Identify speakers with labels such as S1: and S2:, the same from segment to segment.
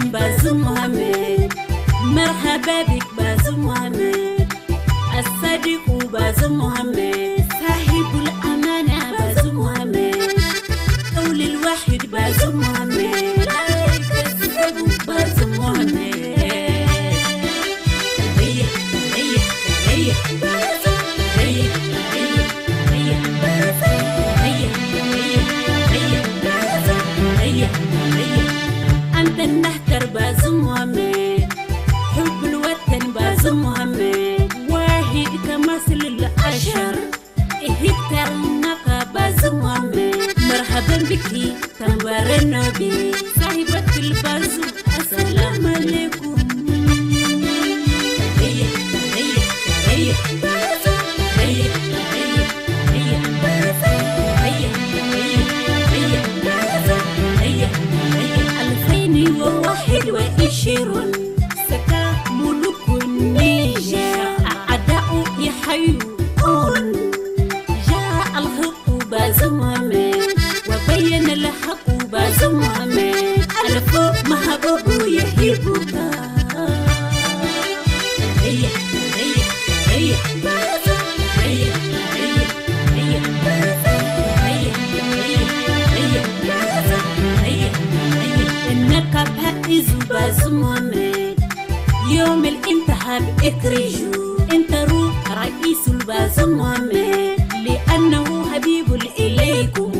S1: بازو بازم محمد مرحبا بك بازو محمد الصديق بازو محمد صاحب الامانه بازو محمد قول الواحد بازو محمد أنت النهر مرحبا بك تنوار النبي صاحبة البازو السلام عليكم تحية تحية تحية تحية تحية تحية تحية تحية تحية ألفين وواحد وعشرون سكا ملوك النيجر أعداء يحيون يوم الانتهى انت روح رئيس البازمامي لأنه حبيب إليكم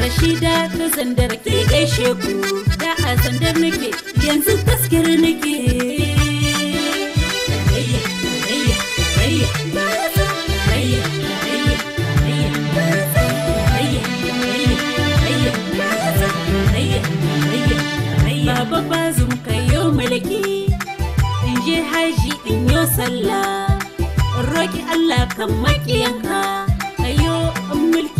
S1: rashida ta zandar ke gaishe ku da a zandar nake yanzu taskir nake Baba bazum kayo maliki in je haji in yo sallah roki Allah kan makiyanka ayo mulki